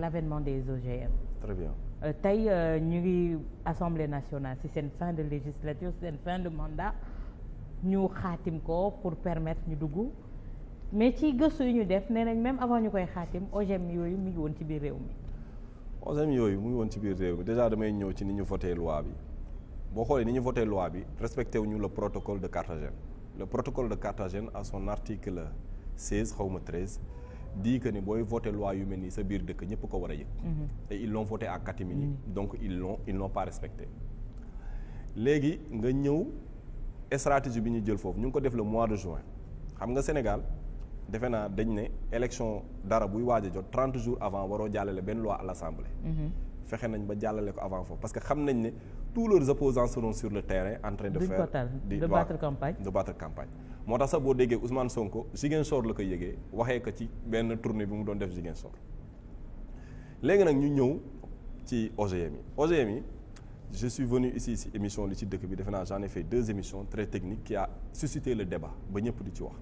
l'avènement des OGM. très bien euh, tey euh, ñu ngi assemblée nationale si seen fin de législature si seen fin de mandat ñu xaatim ko pour permettre ñu dugg mais ci gëstu yu ñu def nee nañ même avant ñu koy xaatim OGM yooyu mu ngi woon ci biir réew mi. OGM yooyu mu ngi woon ci biir réew mi déjà damay ñëw ci ni ñu voté loi bi boo xoolee ni ñu voté loi bi respecté wuñu le protocole de Carthagène le protocole de Carthagène à son article 16 xaw ma 13. dit que ne booy voté loi yu mel nii sa biir dëkk ñëpp ko war a yëg. Mhm. et ils l'ont voté à catimini mmh. donc ils l'ont pas respecté. léegi nga ñëw stratégie bi ñu jël foofu ñu ngi ko def le mois de juin xam nga Sénégal defe naa dañ ne élection dara buy waaj jot trente jours avant waroo jàllale benn loi à l'Assemblée. Mhm. fexe nañ ba jàllale ko avant foofu parce que xam nañ ne. tous leurs opposants seront sur le terrain en train de faire di de battre campagne de battre campagne moo tax sax boo déggee ko Sonko Ziguinchor la ko yëgee waxee ko ci benn tournée bi mu doon def Ziguinchor léegi nag ñu ñëw ci OGM yi OGM yi je suis venu ici si émission li ci dëkk bi defe naa j'en ai fait deux émissions très techniques qui a suscité le débat ba ñëpp di ci wax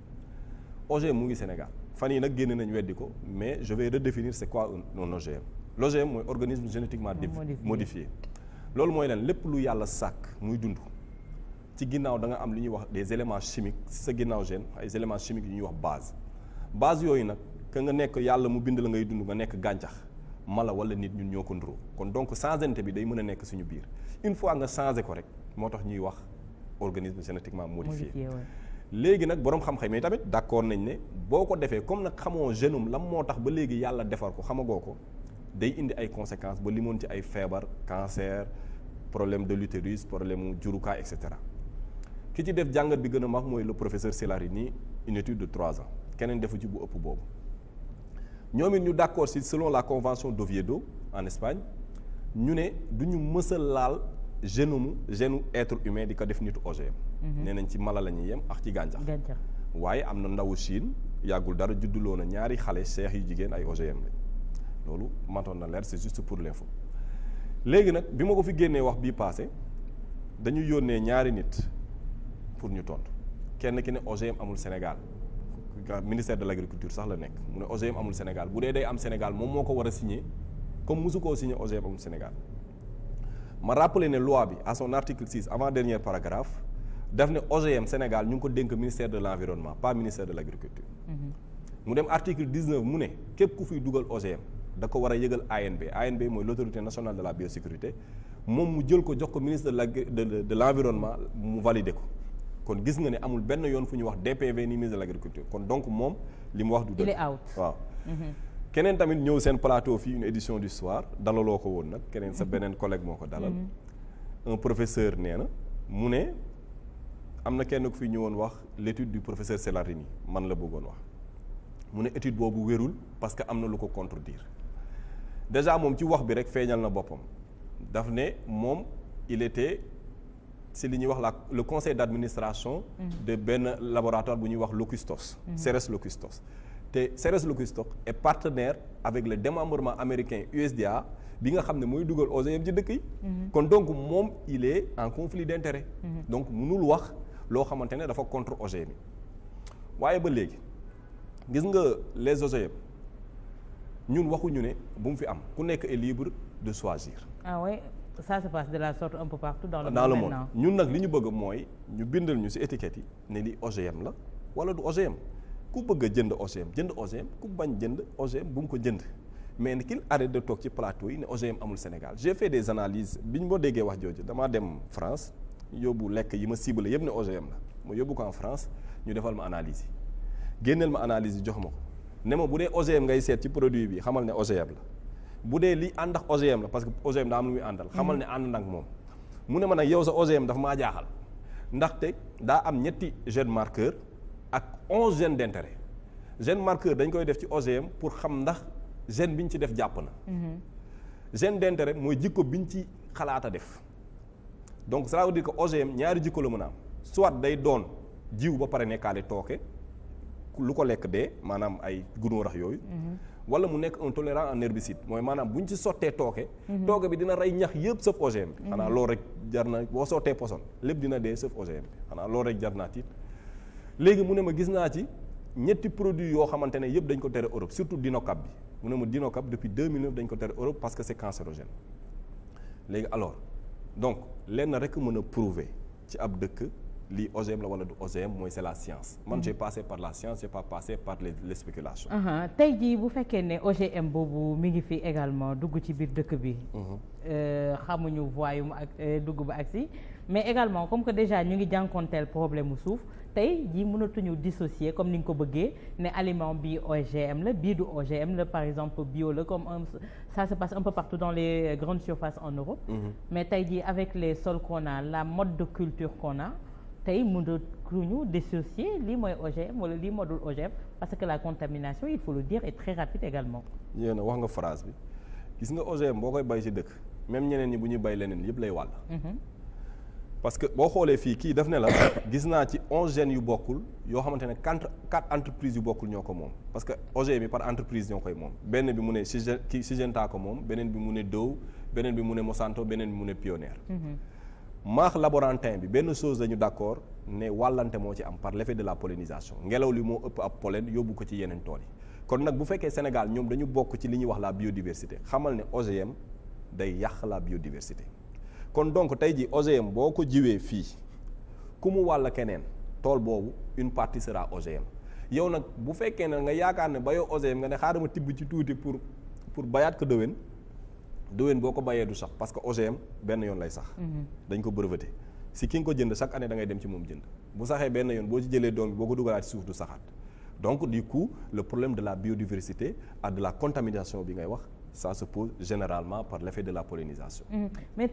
OGM mu ngi Sénégal fan yi nag génn nañ weddi ko mais je vais redéfinir c'est quoi un OGM l'OGM mooy organisme génétiquement modifié loolu mooy leen lépp lu yàlla sàkk muy dund ci ginnaaw da nga am lu ñuy wax des éléments chimiques sa ginnaaw gène ay éléments chimiques yu ñuy wax base base yooyu nag que nga nekk yàlla mu bind la ngay dund nga nekk gàncax mala wala nit ñun ñoo ko nduroo kon donc changement bi day mën a nekk suñu biir une fois nga changé ko rek moo tax ñuy wax organisme génétiquement modifié léegi nag boroom xam-xam yi tamit d'accord nañ ne boo ko defee comme nag xamoo génome lam moo tax ba léegi yàlla defar ko xamagoo ko day indi ay conséquences ba limoon ci ay feebar cancer problème de l'utérus problème mu jurukaay et cetera ki ci def jàngat bi gën a mag mooy le professeur Célarini une étude de trois ans keneen defu ci bu ëpp boobu ñoom it ñu d'accord si selon la convention d'Oviedo en Espagne ñu ne du ñu mës a laal génomu génu être humain di ko def nit OGM. Mhm. nee nañ ci mala la ñuy yem ak ci gàncax. waaye am na ndawu Chine yàggul dara judduloo na ñaari xale seex yi jigéen ay OGM lañ. loolu mantoon na leer c'est juste pour l'info léegi nag bi ma ko fi génnee wax bii passé dañu yónnee ñaari nit pour ñu tontu kenn ki ne OGM amul Sénégal ministère de l'agriculture sax la nekk mu ne OGM amul Sénégal bu dee day am Sénégal moom moo ko war a signer comme mosu koo signer OGM amul Sénégal ma rappelé ne loi bi à son article six avant dernier paragraphe daf ne OGM Sénégal ñu ngi ko dénk ministère de l'environnement pas ministère de l'agriculture mm-hmm. mu dem article dix mu ne képp ku fiy dugal OGM da ko war a yëgal ANB ANB mooy lotorité autorité nationale de la biosécurité moom mu jël ko jox ko ministre de la de l' environnement mu validé ko kon gis nga ne amul benn yoon fu ñuy wax DPV ni ministre de l' agriculture kon donc moom li mu wax du dëgg waaw mm-hmm. keneen tamit ñëw seen plateau fii une édition du soir dalaloo ko woon nag keneen sa mm-hmm. beneen collègue moo ko dalal mm-hmm. un professeur nee na mu ne am na kenn ku fi ñëwoon wax l' étude du professeur Selarini man la bëggoon wax mu ne étude boobu wérul parce que am na lu ko contredire déjà moom ci wax bi rek feeñal na boppam daf ne moom il était si li ñuy wax la le conseil d' administration mm. de benn laboratoire bu ñuy wax Locustos mm-hmm. Ceres Locustos te Ceres Locustos et partenaire avec le démembrement américain USDA bi nga xam ne mooy dugal OGM ci dëkk yi mm-hmm. kon donc moom il est en conflit d' intérêt mm-hmm. donc mënul wax loo xamante ne dafa contre OGM waaye ba léegi gis nga les OGM ñun waxuñu ne bu mu fi am ku nekk et libre de choisir. ah oui ça se la sorte un peu partout dans le ñun nag li ñu bëgg mooy ñu bindal ñu si étiquette yi ne li OGM la walla du OGM ku bëgg a jënd OGM jënd OGM ku bañ jënd OGM bu mu ko jënd mais ne kil arrête de toog ci plateau yi ne OGM amul Sénégal j'ai fait des analyses bi ñu ma déggee wax jooju damaa dem France yóbbu lekk yi ma ciblé yëpp ne OGM la mooy yóbbu ko en France ñu defal ma analyse yi génneel ma analyse yi jox ma ko. ne ma bu dee OGM e ngay seet ci produit bi xamal ne OGM e la bu dee li ànd ak OGM e la parce que OGM daa am lu muy àndal xamal ne ànd nag moom mu ne ma nag yow sa OGM dafa maa jaaxal ndaxte daa am ñetti gène marqueur ak onze gènes d'intérêt jeune marqueur dañ koy def ci OGM pour xam ndax jeune bi ñu ci def jàpp na mhm. gène d'intérêt mooy jikko bi ñu ci xalaat a def donc ça veut dire OGM ñaari jikko la mën a soit day doon jiw ba pare nekkaale tooke lu ko lekk dee maanaam ay gunóor rax yooyu mhm. wala mu nekk un tolérant en herbicide mooy maanaam bu ñu ci sottee tooke mhm. tooke bi dina rey ñax yëpp sauf OGM bi mhm. xanaa loolu rek jar boo sottee poson léegi mu ne ma gis naa ci ñetti produit yoo xamante ne dañ ko tere Europe surtout dinocap bi mu ne ma dinocap depuis 2009 dañ ko tere Europe parce que c'est cancérogène léegi alors donc lenn rek mën a prouver ci ab dëkk lii OGM e la wala du OGM e mooy c'est la science. man j'ai mm-hmm. passé par la science j'ai pas passé par les les spéculations. tey jii bu fekkee ne OGM e boobu mi ngi fi également dugg ci biir dëkk bi. Mm-hmm. Euh, xamuñu voyum ak euh, dugg ba agsi mais également comme que déjà ñu ngi jànkoonteel problème mu suuf tey jii mënatuñu dissocier comme ni nga ko bëggee ne aliment bi OGM la bii du OGM la par exemple bio la comme un, ça se passe un peu dans les grandes surfaces en Europe. Mm -hmm. mais tey jii avec les tey mënatuñu dissocier lii mooy OGM wala lii moo dul OGM parce que la contamination il faut le dire est très rapide également. yéen na wax nga phrase bi gis nga OGM boo koy bay ci dëkk même ñeneen ñi bu ñuy bay leneen yëpp lay wàll. Mhm. parce que boo xoolee fii kii daf ne la gis naa ci onze gènes yu bokkul yoo xamante ne quatre quatre entreprises yu bokkul ñoo ko moom parce que OGM bi par entreprise ñoo koy moom benn bi mu ne Syngenta ko moom beneen bi mu ne Dow beneen bi mu ne Monsanto beneen bi mu ne maax laborantin bi benn chose dañu d'accord ne wàllante moo ci am par l'effet de la pollinisation ngelaw li moo ëpp ab pollen yóbbu ko ci yeneen tool yi kon nag bu fekkee Sénégal ñoom dañu bokk ci li ñuy wax la biodiversité xamal ne OGM day yàq la biodiversité kon donc tey ji OGM boo ko jiwee fii ku mu wàll keneen tool boobu une partie sera OGM yow nag bu fekkee ne nga yaakaar ne bayoo OGM nga ne xaaral ma tibb ci tuuti pour pour bayaat ko déwén déwén boo ko bàyyee du sax parce que OGM benn yoon lay sax. Mhm. dañ ko breveté si ki nga da ngay dem ci moom jënd bu saxee benn yoon boo ci jëlee doom bi boo ko dugalaat ci suuf du saxaat donc du coup le problème de la biodiversité ak de la contamination bi ngay wax ça se pose généralement par l'effet de la pollinisation. Mmh.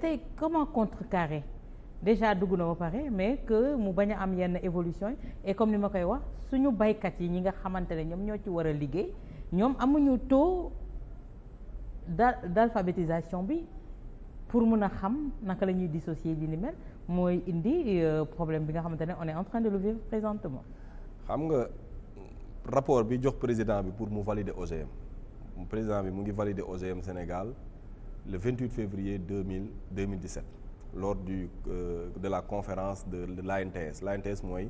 déjà dugg na ba pare mais que mu bañ a am yenn évolution et comme ni ma koy wax suñu baykat yi ñi nga xamante ne ñoom ñoo ci war a liggéey ñoom amuñu taux. d'alphabétisation bi pour mun a xam naka la ñuy dissocier li ni mel mooy indi euh, problème bi nga xamante ne on est en train de le présentement. xam nga rapport bi jox président bi pour mu valider OGM le président bi mu ngi valider OGM Sénégal le 28 février 2000 2017 lors du euh, de la conférence de l'ANTS l'ANTS mooy.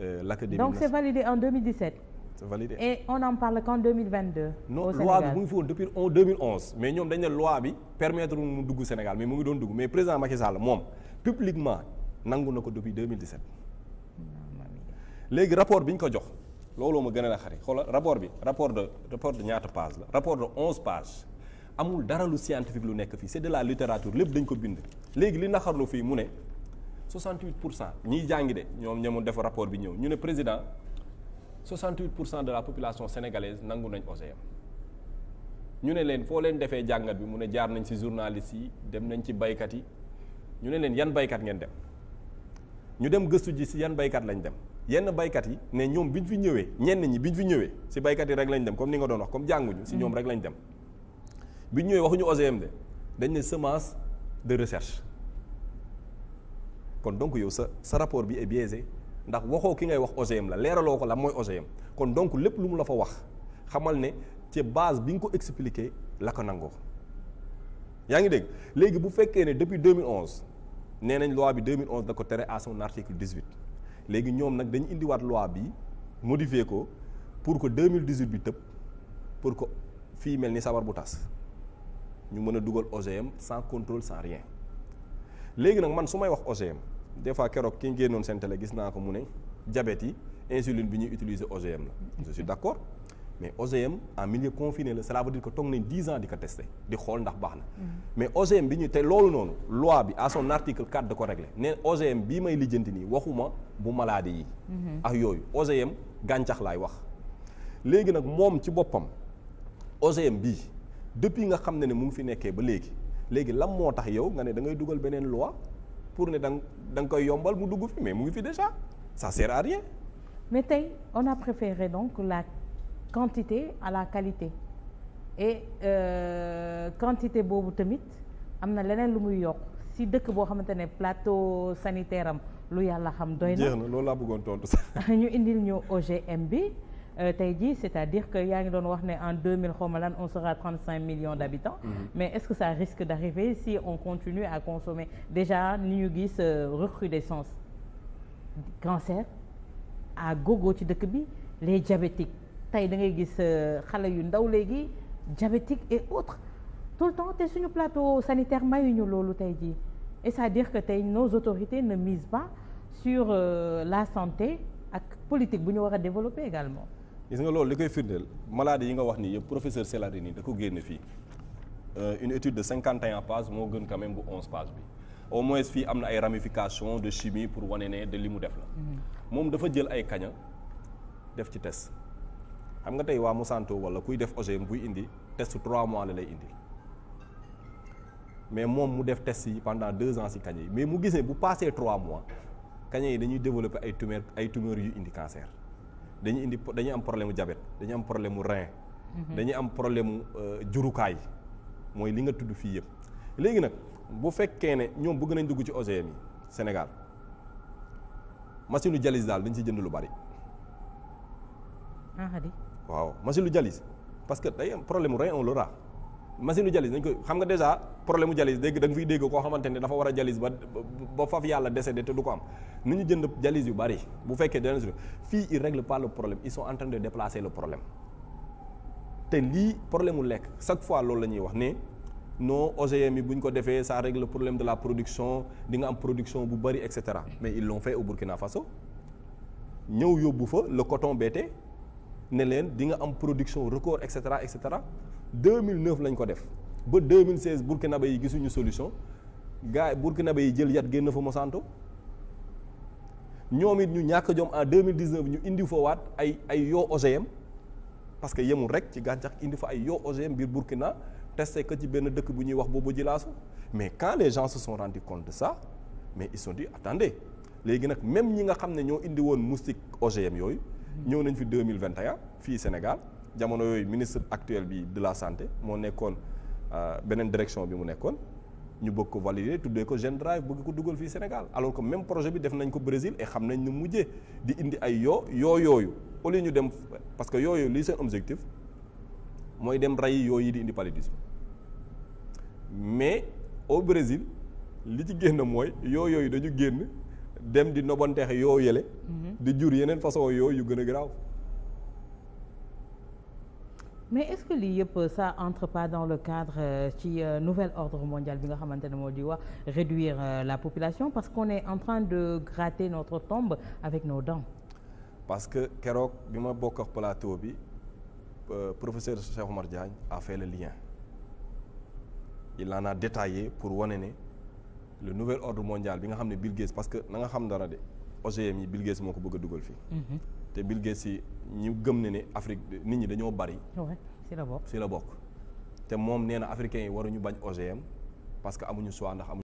Euh, l'académie donc c'est validé en 2017. c'est validé et on en parle qu'en 2022. non loi bi mu ngi fi woon depuis en mais ñoom dañ ne loi bi permettre mu dugg Sénégal mais mu ngi doon dugg mais président Macky Sall moom publiquement nangu na ko depuis 2017. léegi rapport bi ñu ko jox looloo ma gën a la xari xoolal rapport bi rapport de rapport de ñaata page la rapport de onze pages amul dara lu scientifique lu nekk fii c'est de la littérature lépp dañ ko bind. léegi li naxarlu fii mu ne 68 pour cent ñiy jàngi de ñoom ñoo def rapport bi ñëw ñu ne président. 68 pour cent de la population sénégalaise nangu nañ OGM e ñu ne leen foo leen defee jàngat bi mu ne jaar nañ si journalistes yi dem nañ ci baykat yi ñu ne leen yan baykat ngeen dem ñu dem gëstu ji si yan baykat lañ dem yenn baykat yi ne ñoom bi ñu fi ñëwee ñenn ñi biñ fi ñëwee si baykat yi rek lañ dem comme ni nga doon wax comme jànguñu si ñoom mm. rek lañ dem biñ ñëwee waxuñu OGM e de dañ ne semence de recherche kon donc yow sa sa rapport bi est biaisé ndax waxoo ki ngay wax OGM e la leeraloo ko la mooy OGM e kon donc lépp lu mu la fa wax xamal ne ci base bi nga ko expliqué la ko nangoo yaa ngi dégg léegi bu fekkee ne depuis 2011 nee nañ loi bi 2011 da ko tere à son article 18 léegi ñoom nag dañu indiwaat loi bi modifié ko pour que 2018 bi tëb pour que fii mel ni sabar bu tas ñu mën a dugal OGM e sans contrôle sans rien léegi nag man su may wax OGM. des fois keroog ki ngénnoon seen télé gis naa ko mu ne diabète yi insuline bi ñuy utiliser OGM la je suis d'accord mais OGM en milieu confiner la cela veut dire que toog nañ dix ans di ko testé di xool ndax baax na mm-hmm. mais OGM bi ñu te loolu noonu loi bi à son article 4 ko réglé ne OGM bii may lijjanti nii waxuma bu maladie yi mm-hmm. ak yooyu OGM gàncax laay wax léegi nag moom ci boppam OGM bii depuis nga xam ne ne mu ngi fi nekkee ba léegi léegi lan moo tax yow nga ne da ngay dugal beneen loi pour ne da da nga koy yombal mu dugg fi mais mu ngi fi déjà ça sert à mais tey on a préféré donc la quantité à la qualité et euh, quantité boobu tamit am na leneen lu muy yokk si dëkk boo xamante ne plateau sanitaire am lu yàlla xam doy na. jeex na loolu laa bëggoon tontu sax. ñu indil ñu OGM bi. Euh, tey jii c'est-à-dire que yaa ngi doon wax ne en 2000 xaw ma lan on sera 35 millions d'habitants mm -hmm. mais est-ce que ça risque d'arriver si on continue à consommer déjà ni ñu gis euh, recrudescence cancer à gogo ci dëkk bi les diabétiques tey da ngay gis euh, xale yu ndaw léegi diabétiques et autres tout le temps te suñu plateau sanitaire mayuñu loolu tey jii et c'est-à-dire que tey nos autorités ne misent pas sur euh, la santé ak politique bu ñu war a développer également gis nga loolu li koy firndeel maladie yi nga wax ni yëpp professeur Seladini da ko génn fii euh, une étude de cinquante et un pages moo gën quand même bu onze pages bi au moins fii am na ay ramifications de chimie pour wane ne de li mu def la. Mm-hmm. moom dafa jël ay kaña def ci test. xam nga tey waa santo wala kuy def OGM buy indi test trois mois la lay indi mais moom mu def test yi pendant deux ans si kaña yi mais mu gisee bu passé trois mois kaña yi dañuy développer ay tumeur ay tumeurs yu indi dañuy indi dañuy am problème mu diabète am problème mu rein. Mhm. dañuy am problème euh, jurukaay mooy li nga tudd fii yëpp. léegi nag bu fekkee ne ñoom bëgg nañ dugg ci OGM yi Sénégal machine u dialyse daal dañ ci jënd lu bari. Ah, waaw machine u dialyse parce que day am problème mu rein on l'aura machine u nañ dañ ko xam nga déjà problème u jalis dégg da nga fiy dégg koo xamante ne dafa war a jalis ba ba faf yàlla décédé te du ko am ni ñu jënd jalis yu bari bu fekkee dana su fii ils règlent pas le problème ils sont en train de déplacer le problème te lii problème mu lekk chaque fois loolu la ñuy wax ne noo OGM yi bu ko defee ça règle problème de la production di am production bu bari et cetera mais ils l'ont fait au Burkina Faso ñëw yóbbu fa la coton BT ne leen di nga am production record et cetera et cetera 2009 lañ ko def ba 2016 burkinabé yi gisuñu solution gars yi burkinabé yi jël yat génn fa Monsanto ñoom it ñu ñàkk jom en 2019 ñu indi fa waat ay ay yoo OGM parce que yemul rek ci gàncax indi fa ay yoo OGM biir Burkina testé ko ci benn dëkk bu ñuy wax boobu jilaasu mais quand les gens se sont rendus compte de mais ils se sont léegi nag même ñi nga xam ne ñoo indi woon moustique OGM yooyu. ñëw nañ fi 2021 fii Sénégal jamono yooyu ministre actuel bi de la santé moo nekkoon euh, beneen direction bi mu nekkoon ñu bëgg ko valider tuddee ko Gen Drive bëgg ko dugal fii Sénégal alors que même projet bi def nañ ko Brésil et xam nañ ni mujjee di indi ay yoo yoo yooyu au ñu dem parce que yooyu lii seen objectif mooy dem rey yooyu di indi paludisme mais au Brésil li ci génn mooy yoo yooyu dañu génn. dem di nobonteex yoo yële. Mhm. di jur yeneen façon yoo yu gën a graaw. mais est-ce que lii yëpp ça entre pas dans le cadre euh, ci euh, ordre mondial bi nga xamante ne moo di wax réduire euh, la population parce qu'on est en train de gratter notre tombe avec nos dents. parce que keroog bi ma bokk ak plateau bi euh, professeur Cheikh Omar Diagne a fait lien il en a pour wane ne. le nouvel ordre mondial bi nga xam ne Bill Gates parce que xam dara de OGM yi Bill Gates moo ko bëgg a dugal fii. Mhm. te Bill Gates yi ñu gëm ne ne Afrique nit ñi dañoo bari. si la bokk si la bokk. te moom nee na yi waruñu bañ OGM parce amuñu choix ndax amuñu.